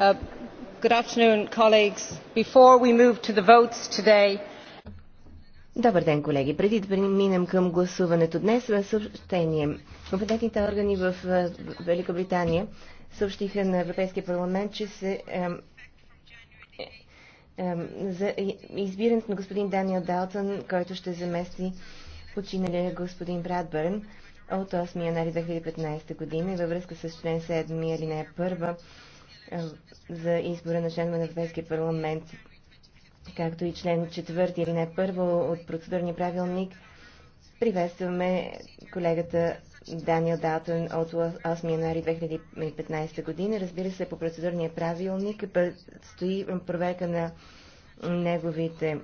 Uh, Добър ден, колеги. Преди да преминем към гласуването днес, съобщение. Компетентните органи е, в Великобритания съобщиха на Европейския парламент, че се е, е, за избирането на господин Даниел Далтън, който ще замести починалия господин Брадбърн от 8 януари 2015 година и във връзка с член 7 алинея 1 за избора на членове на Европейския парламент, както и член 4 или не първо от процедурния правилник, приветстваме колегата Даниел Далтън от 8 януари 2015 година. Разбира се, по процедурния правилник стои проверка на неговите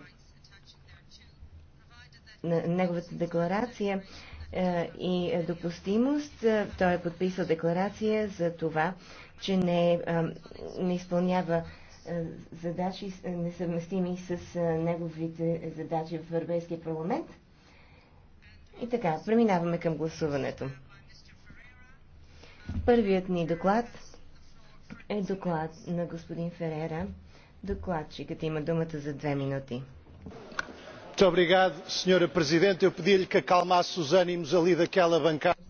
на неговата декларация. Е, и е допустимост. Е, той е подписал декларация за това, че не, не изпълнява задачи, несъвместими с неговите задачи в Европейския парламент. И така, преминаваме към гласуването. Първият ни доклад е доклад на господин Ферера. Докладчикът има думата за две минути senhora presidente eu pedia lhe que acalmasse os ânimos ali daquela bancada.